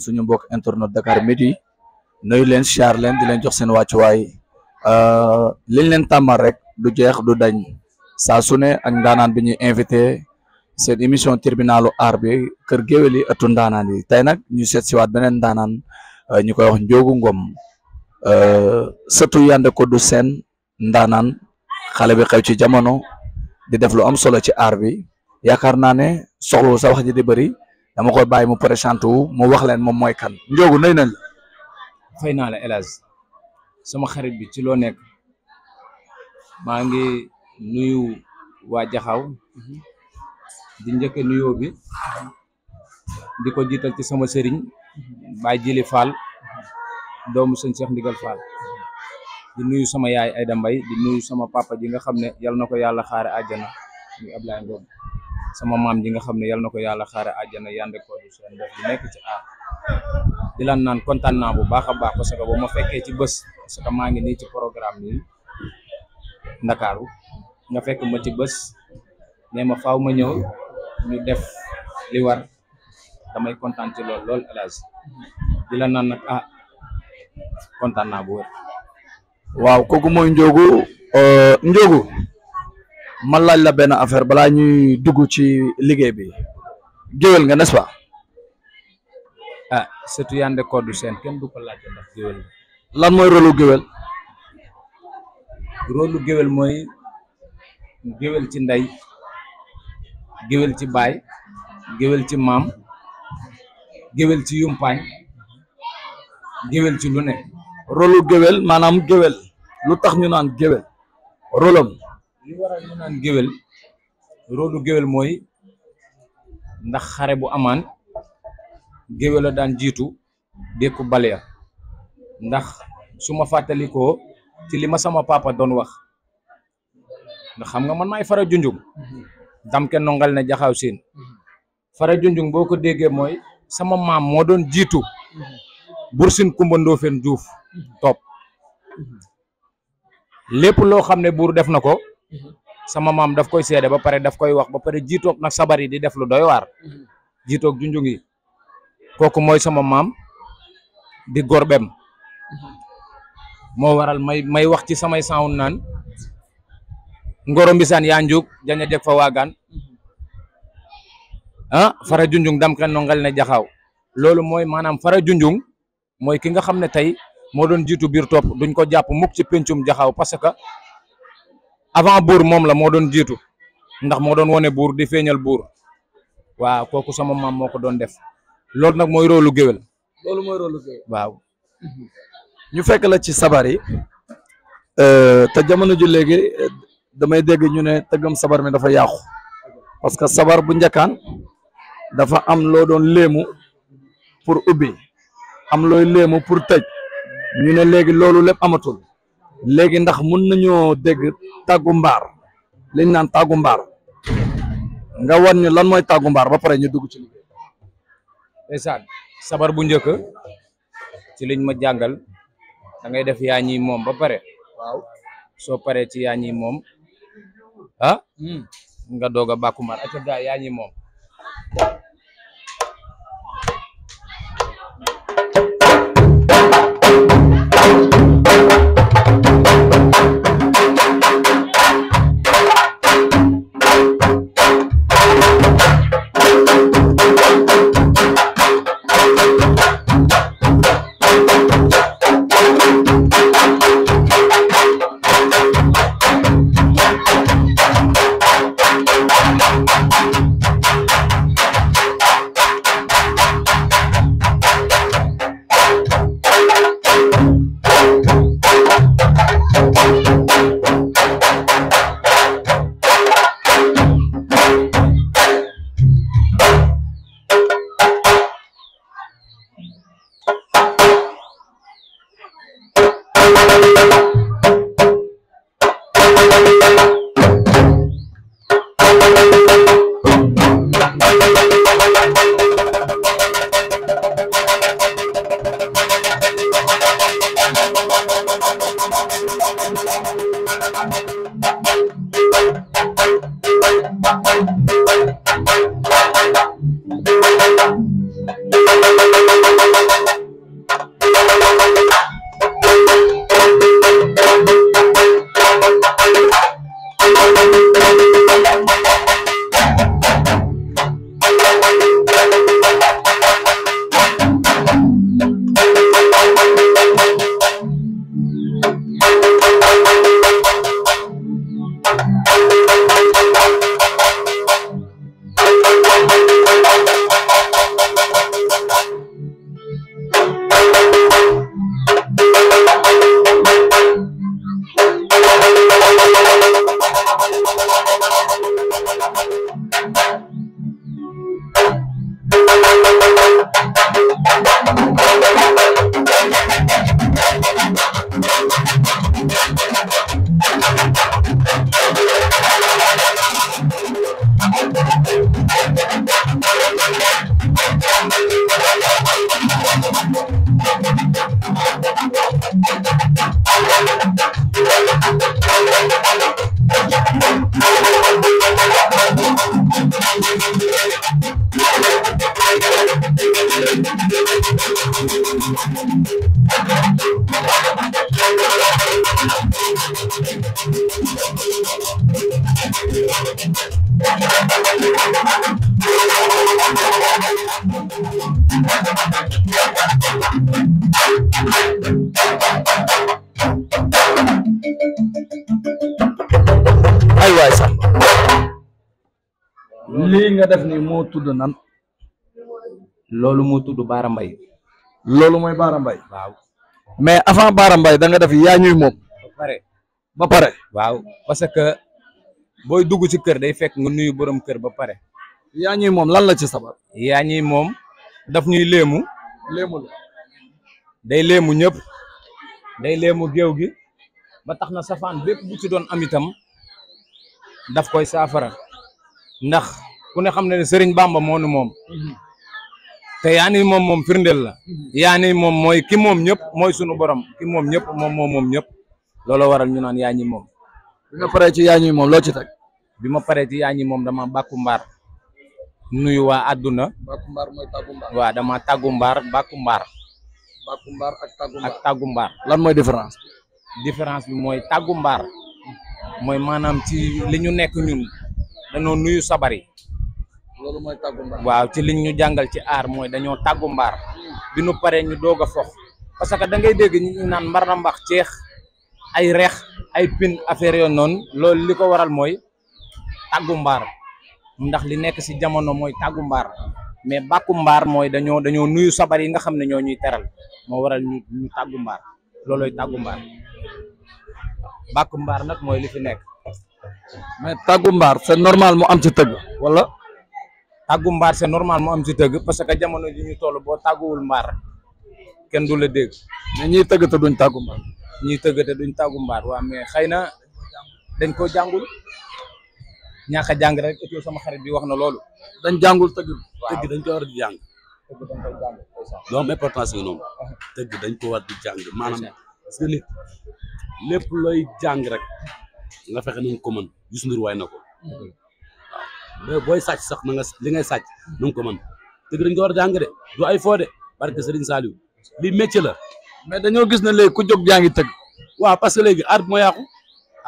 suñu mbokk internet Dakar Midi nuyu leen char leen di leen jox seen wàccuwaay euh, liñ leen tàmmal rek du jeex du dañ saa su ne ak ndaanaan bi ñuy invité seen émission tribunalu aar bi kër géwél yi ëttu ndaanaan yi tey nag ñu seet siwaat beneen ndaanaan euh, ñu koy wax Ndiogou Ngom Euh, surtout Yandé kodu seen ndaanaan xale bi xew ci jamono di def lu am solo ci aar bi yaakaar naa ne soxlawul sa wax ji di bëri dama koy bàyyi mu présenté wu mu wax leen moom mooy kan. Ndiogu nay nañ la. naa la El sama xarit bi ci loo nekk maa ngi nuyu waa jaxaw di njëkk nuyoo bi di ko ci sama sëriñ Baay Jili Fall. doomu sëñ Cheikh Ndigal Fall di nuyu sama yaay ay da Mbay di nuyu sama papa ji nga xam ne yal na ko yàlla xaare àjjana muy Ablaye Ngom sama maam ji nga xam ne yal na ko yàlla xaare àjjana yande ko du seen def di nekk ci aar di lan naan kontaan naa bu baax a baax parce que ba ma fekkee ci bës parce que maa ngi nii ci programme yi Ndakaaru nga fekk ma ci bës nee ma faaw ma ñëw ñu def li war damay kontaan ci lool lool El Hadj naan nag ah kontaan naa bu wér. waaw kooku mooy Ndiogou euh, Ndiogou ma laaj la benn affaire balaa ñuy dugg ci liggéey bi géwél nga n'est-ce pas. ah surtout Yandé Codou Sène kenn du ko laajte géwél nga. lan mooy rôle géwél. rôle géwél mooy géwél ci ndey géwél ci baay géwél ci maam géwél ci yumpaañ. géwél ci lu ne rolu géwél maanaam géwel lu tax ñu naan géwél rolam li waral ñu naan géwél rolu géwél mooy ndax xare bu amaan géwél daan jiitu dékku baleya ndax su ma fàttalikoo ci li ma sama papa doon wax ndax xam nga man may fara junjung damke nongal ne jaxaaw siin fara junjung boo ko déggee mooy sama maam moo doon jiitu bursin Kumba Ndoofeen Juuf topp lépp loo xam ne buur def na ko sama maam daf koy seede ba pare daf koy wax ba pare jiitoog nag sabar yi di def lu doy waar jiitoog junjung yi mooy sama maam di gorbem moo waral may may wax ci samay sawun naan ngoro mbisaan yaa njuug jaña jeg fa waagaan ah fara junjung dam ken no ngel ne jaxaaw loolu mooy fara junjung mooy ki nga xam ne tey moo doon jiitu biir top duñ ko jàpp mukk ci pencum jaxaw parce que avant buur moom la moo doon jiitu ndax moo doon wone buur di feeñal buur waaw kooku sama maam moo ko doon def loolu nag mooy roolu géwél loolu mooy roolu waaw ñu fekk la ci sabar yi euh, te jamono ju léegi euh, damay dégg ñu ne tëggam sabar mi dafa yàqu parce que sabar bu njëkkaan dafa am loo doon léemu pour ubbi am looy léemu pour tëj ñu ne léegi loolu lépp amatul léegi ndax mun nañoo dégg tàggu mbaar liñ naan tàggu mbaar nga wan ñu lan mooy tàggu mbaar ba pare ñu dugg ci liggéey sabar bu njëkk ci liñ ma jàngal da def yaa ñi moom ba pare soo paree ci yaa ñi moom ah hmm. nga dog a bàkku mbaar acca gaa yaa ñi moom waay sax lii nga def nii moo tudd nan loolu moo tudd Baara Mbaye loolu mooy Baara Mbaye waaw mais avant Baara Mbaye da nga def yaa ñuy moom ba pare ba pare waaw parce que booy dugg ci kër day fekk nga nuyu borom kër ba pare yaa ñuy moom lan la ci sabab yaa ñuy moom daf ñuy léemu léemu day léemu ñëpp day léemu géew gi ba tax na safaan bépp bu ci doon am itam daf koy saafara ndax ku ne xam na ne Serigne Bamba moo nu moom te yaa ni moom moom firndeel la yaa ni moom mooy ki moom ñëpp mooy sunu borom ki moom ñëpp moom moom moom ñëpp looloo waral ñu naan yaa ñi moom. bi nga paree ci yaa ñi moom loo ci teg. bi ma paree ci yaa ñi moom dama bàkku mbaar nuyu waa àdduna. bàkku mbaar tàggu mbaar. waaw dama tàggu mbaar bàkku mbaar. bàkku ak tàggu mbaar ak tàggu mbaar. lan mooy différence. différence bi mooy tàggu mbaar mooy maanaam ci li ñu nekk ñun dañoo nuyu sabar yi loolu mooy tàggu waaw ci liñ ñu jàngal ci aar mooy dañoo tàggu mbaar bi nu paree ñu doog a fox parce que da ngay dégg ñi ñu naan mbar mbax ceex ay reex ay pin affaire yoon noon loolu li ko waral mooy tàggu mbaar ndax li nekk si jamono mooy tàggu mbaar mais bàkku mbaar mooy dañoo dañoo nuyu sabar yi nga xam ne ñoo ñuy teral moo waral ñu ñu tàggu mbaar loolu tàggu mbar bàkku mbaar nag mooy li fi nekk. mais tàggu mbaar c'est normal mu am ci tëgg wala. tàggu mbar se normal moo am ci tëgg parce que jamono ji ñu toll boo tàgguwul mbaar kenn du la dégg. mais ñiy tëgg te duñ tàggu mbaar. ñiy tëgg te duñ tàggu mbaar waaw mais xëy na dañ koo jàngul ñàkk a jàng rek sama xarit bi wax na loolu. dañ jàngul tëgg. waaw dañ ko war jàng. lu am importance nga noonu tëgg dañ ko war di jàng maanaam parce que nit lépp looy jàng rek nga fexe nañ ko mën Youssou Ndour waay na ko waaw booy sàcc sax na nga li ngay sàcc na nga ko tëgg dañ ko war a jàng de du ay foo de barke Serigne Saliou lii métier la mais dañoo gis ne léegi ku jóg jaa ngi tëgg waa parce que léegi art moo yàqu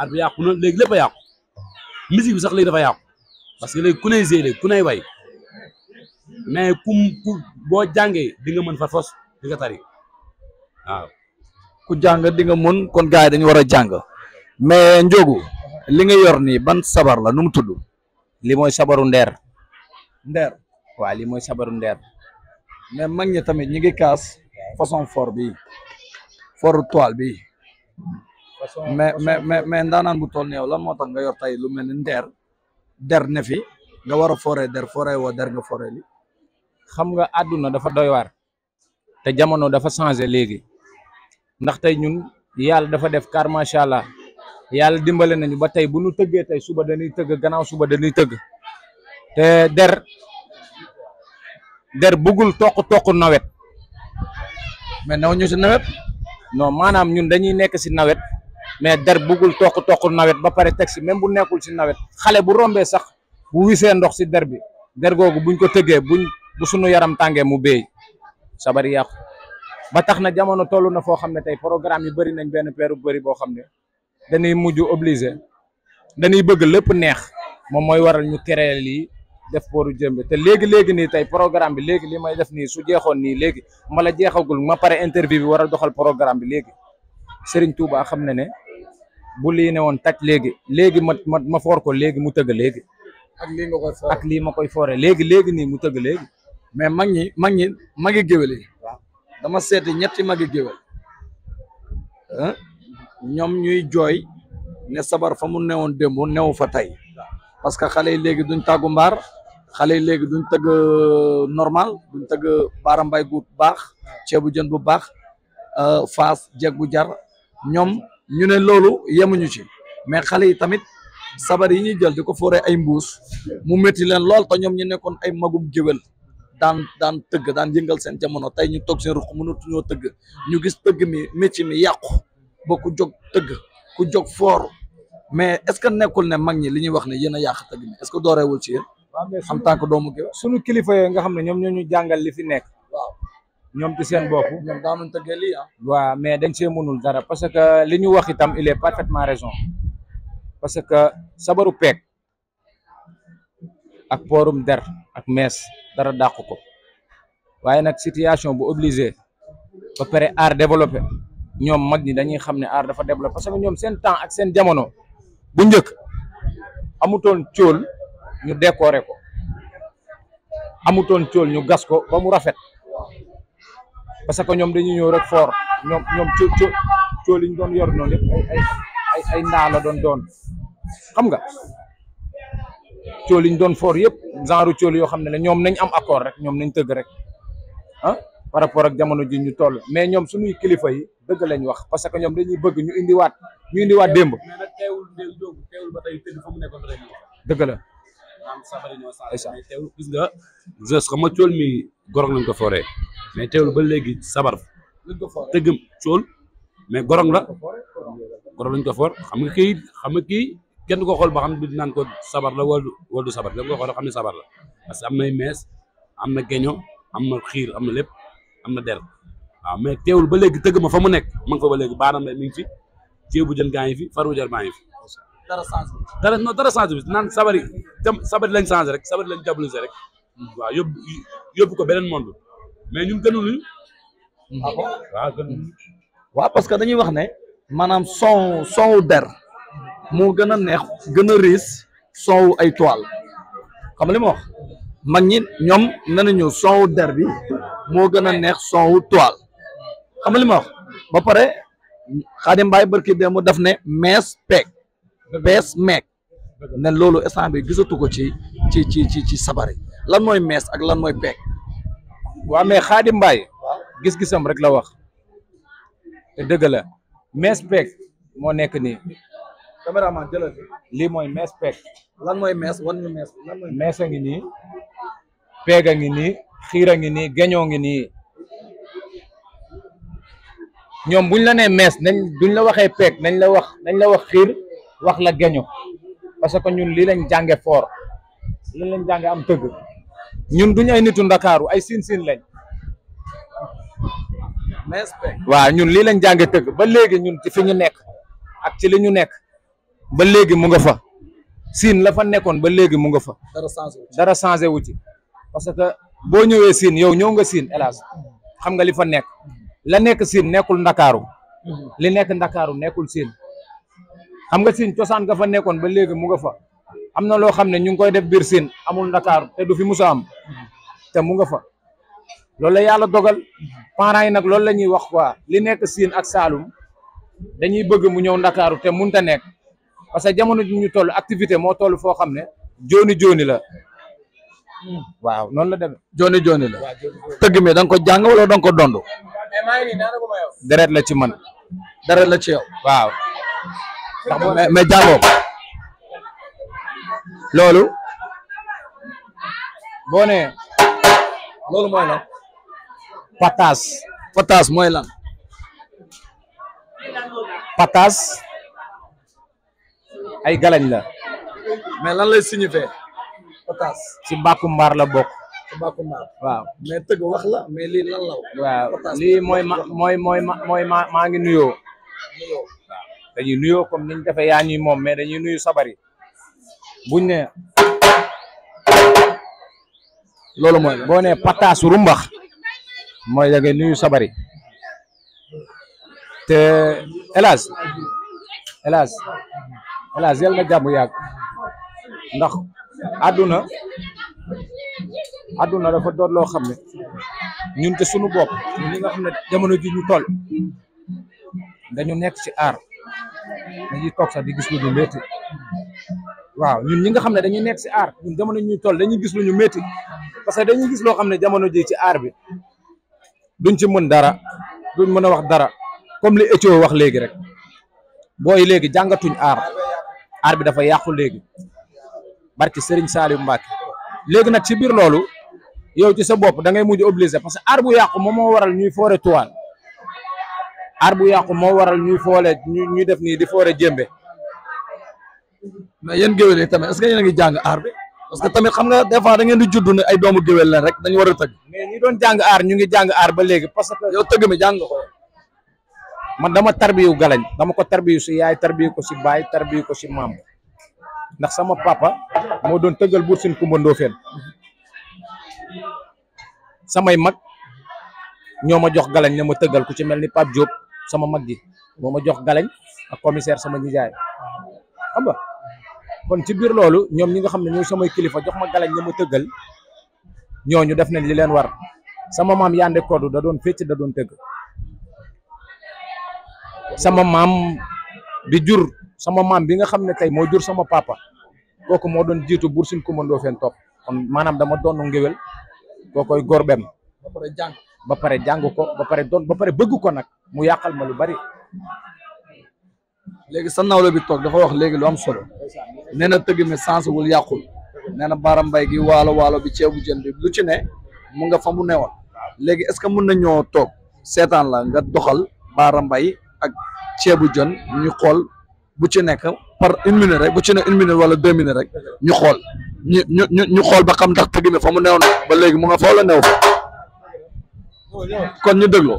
art bi yàqu na léegi lépp a yàqu sax léegi dafa yàqu parce que ku nay géy ku nay way mais kum ku boo jàngee di nga mën farfos di nga tari waaw ku jàng di nga mën kon gars yi dañu war a jàng mais njogu li nga yor nii ban sabar la nu mu tudd li mooy sabaru nder ndeer waaw li mooy sabaru ndeer mais mag ñi tamit ñi ngi kaas façon foor bi for toile bi mais mais mais ndaanaan bu toll ni yow lan moo tax nga yor tey lu mel ni ndeer der ne fi nga war a fooree der fooree woo der nga fooree xam nga àdduna dafa doy waar te jamono dafa changé léegi ndax tey ñun yàlla dafa def kar macha allah yàlla dimbale nañu ba tey bu nu tëggee tey suba dañuy tëgg gannaaw suba dañuy tëgg te der der bëggul toq toq nawet mais naw ñu si nawet non maanaam ñun dañuy nekk si nawet mais der bëggul toq toq nawet ba pare teg si même bu nekkul si nawet xale bu rombee sax bu wisee ndox si der bi der googu buñ ko tëggee bu sunu yaram tàngee mu béy sabar yàqu ba tax na jamono toll na foo xam ne tey programme yi bëri nañ benn peeru bari boo xam ne dañuy mujj obligé dañuy bëgg lépp neex moom mooy waral ñu créer lii def booru jëmbe te léegi léegi nii tey programme bi léegi li may def nii su jeexoon nii léegi mala jeexagul ma pare interview bi war a doxal programme bi léegi Serigne Touba xam na ne bu lii woon taj léegi léegi ma ma ma foor ko léegi mu tëgg léegi. ak lii nga lii ma koy fooree léegi léegi nii mu tëgg mais mag ñi mag ñi magi géwél dama seeti ñetti magi géwél ñoom ñuy jooy ne sabar fa mu newoon démb newu fa tey parce que xale yi léegi duñ tàggu mbaar xale yi léegi duñ tëgg euh, normal duñ tëgg baara mbay gu baax ceebu jën bu baax euh, faas jeeg bu jar ñoom ñu ne loolu yemuñu ci mais xale yi tamit sabar yi ñuy jël di ko foore ay mbuus mu métti leen lool te ñoom ñu nekkoon ay magum géwél daan daan tëgg daan yëngal seen jamono tey ñu toog seen ruq ñoo tëgg ñu gis tëgg mi métier mi yàqu ba ku jóg tëgg ku jóg foor mais est ce que nekkul ne mag ñi li ñuy wax ne yéen a yàq tëgg mi est que dooreewul ci yéen en tant que doomu gi suñu kilifa yooyu nga xam ne ñoom ñoo ñu jàngal li fi nekk ñoom ci seen bopp ñoom daanuñ tëggee lii ah waa mais dañ see mënul dara parce que li ñu wax itam il est parfaitement raison parce que sabaru peeg ak poorum der ak mees dara dàqu ko waaye nag situation bu obligé ba pare art développé ñoom mag ñi dañuy xam ne art dafa développé parce que ñoom seen temps ak seen jamono bu njëkk amutoon cóol ñu décoré ko amutoon cóol ñu gas ko ba mu rafet parce que ñoom dañuy ñëw rek fort ñoom ñoom yi ñu doon yor noonu ay ay doon doon xam nga cool yi ñu doon foor yëpp genre cool yoo xam ne la ñoom nañ am accord rek ñoom nañ tëgg rek ah, par rapport ak jamono ji ñu toll mais ñoom suñuy kilifa yi dëgg lañ wax parce que ñoom dañuy bëgg ñu indiwaat ñu indiwaat démb. dëgg la. mais teewul gis nga Zoss xam nga cool mi gorong lañ ko fooree mais teewul ba léegi sabar tëggam cool mais gorong la gorong lañ ko foor xam nga kii xam nga kii kenn ko xool ba xam ne naan ko sabar la wala wala du sabar kenn du ko xool xam ne sabar la parce que am nay mees am na geño am na xiir am na lépp am na der waaw mais teewul ba léegi tëgg ma fa mu nekk ma nga fa ba léegi baaraam mi ngi fi ceebu jën gaa ngi fi faru jër maa ngi fi. dara changé dara non dara changé bi naan sabar yi lañ changé rek sabar lañ jablisé rek waaw yóbbu ko beneen monde mais ñun gënuñu. Ah waaw gënuñu. waaw parce que dañuy wax ne maanaam son son der. moo gën a neex gën a riis soow ay toile xam nga wax mag ñi ñoom nee nañu soowu der bi moo gën a neex soowu toile xam nga ba pare Xaadim Mbaay barki démb daf ne mees peeg bees meeg ne loolu instant bi gisatu ko ci ci ci ci ci sabar lan mooy mees ak lan mooy peeg waa mais Xaadim Mbaay gis-gisam rek la wax te dëgg la mees peeg moo nekk nii caméraman lii mooy mees peeg lan mooy mees wan ñu mees a ngi nii peeg a ngi nii xiir a ngi nii geñoo ngi nii ñoom buñ la nee mees nañ duñ la waxee peeg nañ la wax nañ la wax xiir wax la geño parce que ñun lii lañ jànge foor lii lañ jànge am tëgg ñun duñ ay nitu ndakaaru ay siin siin lañ waaw ñun lii lañ jànge tëgg ba léegi ñun ci fi ñu nekk ak ci li ñu nekk ba léegi mu nga fa siin la fa nekkoon ba léegi mu nga fa. dara changé wu ci dara changé wu ci parce que boo ñëwee siin yow ñëw nga siin hélas xam nga li fa nekk la nekk siin nekkul ndakaaru li nekk ndakaaru nekkul siin xam nga siin cosaan nga fa nekkoon ba léegi mu nga fa am na loo xam ne ñu ngi koy def biir siin amul ndakaaru te du fi musa am te mu nga fa loolu la yàlla dogal parents yi nag loolu la ñuy wax quoi li nekk siin ak saalum dañuy bëgg mu ñëw ndakaaru te munta nekk parce que jamono ji ñu toll activité moo toll foo xam ne jooni jooni la waaw noonu la demee jooni jooni la tëgg mi da nga ko jàng wala da ko dond deret la ci man deret la ci yow waaw mais mais jàngoo loolu boo nee mooy lan pataas ay galañ la. mais lan lay ci bàkku mbaar la bokk. ci waaw. lii mooy mooy mooy mooy ma maa ngi nuyoo. nuyoo dañuy nuyoo comme niñ defee yaa moom mais dañuy nuyu sabari buñ ne. loolu mooy boo pataas rumbax mooy da nuyu sabari te hélas hélas voilà zel na jàmm yàgg ndax àdduna àdduna dafa doon loo xam ne ñun te suñu bopp ñi nga xam ne jamono ji ñu toll dañu nekk ci aar dañuy toog sax di gis lu ñu métti waaw ñun ñi nga xam ne dañuy nekk ci aar ñun jamono ñuy toll dañuy gis lu ñu métti parce que dañuy loo xam ne jamono ji ci aar bi duñ ci mën dara duñ mën a wax dara comme li Ethio wax léegi rek booy léegi jàngatuñ aar aar bi dafa yàqu léegi barki Serigne Saliou Mbacke léegi nag ci biir loolu yow ci sa bopp da ngay mujj obligé parce que aar bu yàqu moom moo waral ñuy foore tuwaal aar bu yàqu moo waral ñuy foole ñuy def nii di foore jémbe mais yéen géwél yi tamit est-ce que yéen a ngi jàng aar bi parce que tamit xam nga des fois di judd ay doomu géwél leen rek dañu war a tëgg mais ñi doon jàng aar ñu ngi jàng ar ba léegi parce que yow tëgg mi jàng ko man dama tarbiyu galañ dama ko tarbiyu si yaay tarbiyu ko si baay tarbiyu ko si maam ndax sama papa moo doon tëggal buur sin Kumba Ndoofeen samay mag ñoo ma jox galañ ne ma tëggal ku ci mel ni Pape Diop sama mag ji moo ma jox galañ ak commissaire sama nijaay xam kon ci biir loolu ñoom ñi nga xam ne ñooy samay kilifa jox ma galañ ne ma tëggal ñooñu def nañ li leen war sama maam Yandé Codou da doon fecc da doon tëgg sama maam bi jur sama maam bi nga xam ne kay moo jur sama papa kooku moo doon jiitu Buur Sine Coumba Ndofféne Top kon maanaam dama doon ngéwél kookoy gorbem ba pare jàng ba pare jàng ko ba pare doon ba pare bëgg ko nag mu yàqal ma lu bari léegi sa nawlo bi toog dafa wax léegi lu am solo nee na tëgg mi sens wul yàqul nee na baara mbay gi waalo waalo bi ceebu jën bi lu ci ne mu nga fa mu newoon léegi est-ce que mën na ñoo toog seetaan la nga doxal baara mbay ak ceebu jën ñu xool bu ci nekk par une minute rek bu ci nekk une minute wala deux minutes rek ñu xool ñu ñu ñu ñu xool ba xam ndax tëgg mi fa mu neew ba léegi mu nga foofu la neew fa kon ñu dégloo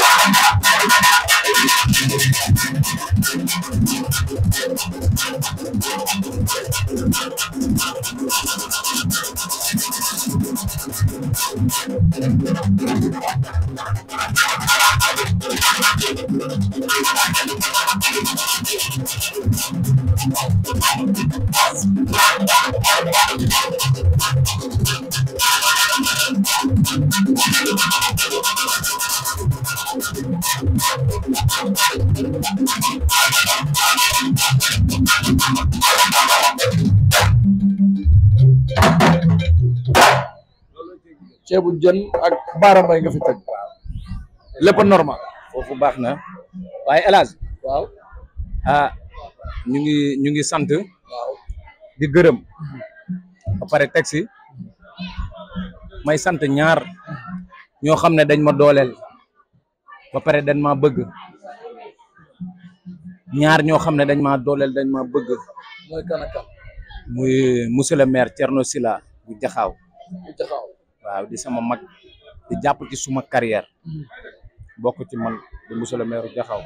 ceebu jën ak baara mbay nga fi teg lépp normal foofu baax na waaye élage Hadj ñu ngi ñu ngi sant di gërëm bapare pare teg si may sant ñaar ñoo xam ne dañ ma dooleel ba pare dañ ma bëgg ñaar ñoo xam ne dañ ma dooleel dañ ma bëgg mooy kan ak kan muy monsieur le maire Thierno Silla bu Jaxaaw waaw di sama mag di jàpp ci suma carrière hmm. bokk ci man di monsieur le Jaxaw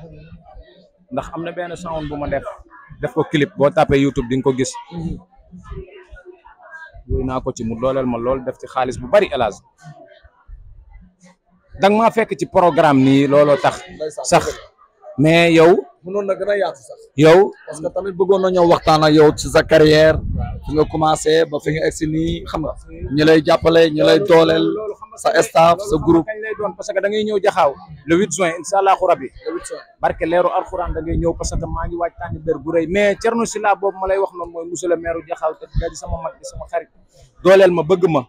ndax am na benn sound bu ma def def ko clip boo tapé YouTube di nga ko gis hmm. woy naa ko ci mu dooleel ma lool def ci xaalis bu bari elage danga ma fekk ci programme nii looloo tax sax mais yow mënoon na gën a yaatu sax. yow parce que tamit bëggoon na ñëw waxtaan ak yow ci sa carrière. fi nga commencé ba fi nga egsi nii xam nga ñi lay jàppale ñi lay dooleel sa staff sa groupe. kañ lay doon que da ngay ñëw jaxaaw le huit juin incha allahu rabi. le huit juin barke leeru alxuraan da ngay ñëw parce que maa ngi waaj tànn bér gu rëy mais Thierno Sylla boobu ma lay wax noonu mooy monsieur le maire jaxaaw te di sama mag di sama xarit. dooleel ma bëgg ma.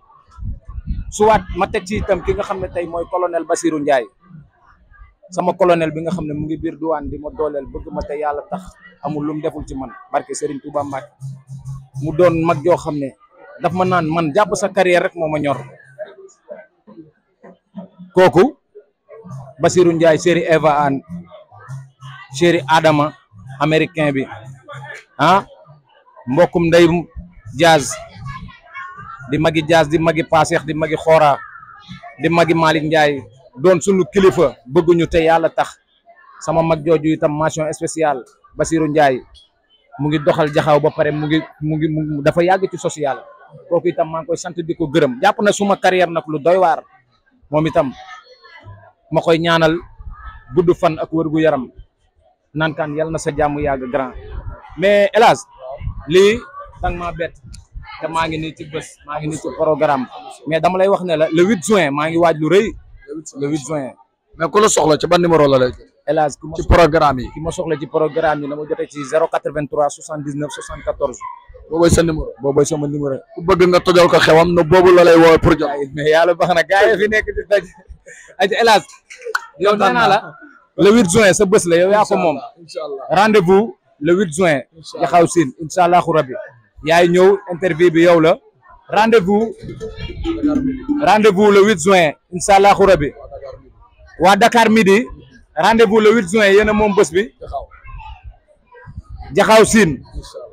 suwaat ma teg ci itam ki nga xam ne tey mooy colonel Basirou Ndiaye. sama colonel bi nga xam ne mu ngi biir duwaan di ma dooleel bëgg ma te yàlla tax amul lu mu deful ci man barke Serigne Touba Mbacke mu doon mag joo xam ne daf ma naan man jàpp sa carrière rek moo ma ñor kooku Basirou Ndiaye chéri Eva Anne chéri Adama américain bi ah mbokkum ndey jazz di magi jazz di magi Paseex di magi Xora di magi Malick Ndiaye doon sunu kilifa bëgguñu te yàlla tax sama mag jooju itam mention spéciale basiru Ndiaye mu ngi doxal jaxaw ba pare mu ngi mu dafa yàgg ci social kooku itam maa ngi koy sant di ko gërëm jàpp na suma carrière nag lu doy waar moom itam ma koy ñaanal gudd fan ak wërgu yaram naan kaan yàlla na sa jàmm yàgg grand mais hélas lii dang maa bett te maa ngi nii ci bés maa ngi nii ne la le 8 juin waaj lu rëy. le 8 juin. mais ku la ci ban numéro la lay ma ci programme yi. ki ma soxla ci programme yi na ma jotee ci 083 79 74. boobooy sa numéro boobooy sama numéro. ku bëgg nga tojal ko xewam ne boobu la lay woowee pour jot. mais yàlla baax fi nekk di daj. ayca hélas. yow nee naa la le 8 juin sa bés la yow yaa ko moom. incha allah rendez vous le 8 allahu rabi. yaay ñëw interview bi yow rendez-vous rendez-vous le 8 juin incha allahu rabi waa Dakar midi rendez-vous le 8 juin yéen a moom bés bi jaxaaw siin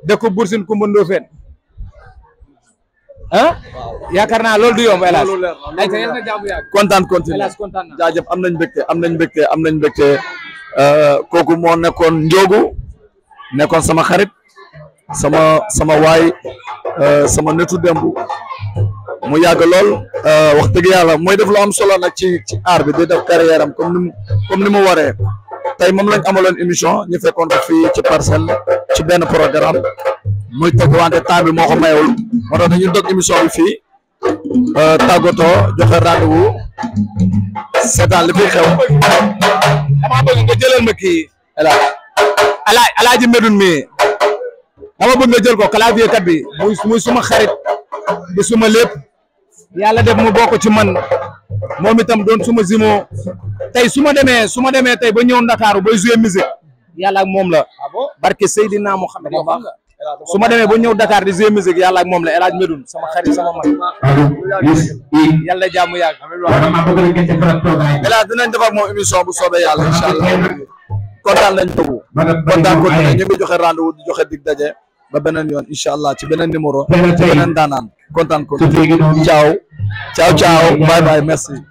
dëkku Bour Sine Coumba Ndoffène ah yaakaar naa loolu du yomb hélas kontaan continue jaajëf am nañ mbégte am nañ mbégte am nañ mbégte euh, kooku moo nekkoon Ndiogu nekkoon sama xarit sama sama waay euh, sama netu demb mu yàgg lool euh, wax dëgg yàlla mooy def lu am solo nag ci ci aar bi de def carrière am comme ni mu comme ni mu waree tey moom lañ amaloon émission ñu fekkoon ko fii ci parcelle ci benn programme muy tëgg wante temps bi moo ko mayewul moo tax dog émission bi fii euh, tàggatoo joxe rendez-vous seetaan li xew. damaa bëgg nga jëlal ma kii El Hadj El mi. dama bëgg nga jël ko clavier kat bi muy muy suma xarit di suma lépp yàlla def mu bokk ci man moom itam doon suma zimoo tey su ma demee su ma demee tey ba ñëw Ndakaaru bay jouer musique yàlla ak moom la ah barke Seydina Muhammad baax su ma demee ba ñëw Dakar di jouer musique yàlla ak moom la El Hadj Medoune sama xarit sama mag yàlla jaamu yàgg El Hadj dinañ defar moom émission bu soobee yàlla incha allah kontaan nañ tëbu kontaan ko ñu ngi joxe rendez-vous di joxe dig daje ba beneen yoon incha allah ci beneen numéro ci beneen daanaan kontaan ko ciao ciao ciao bye bye merci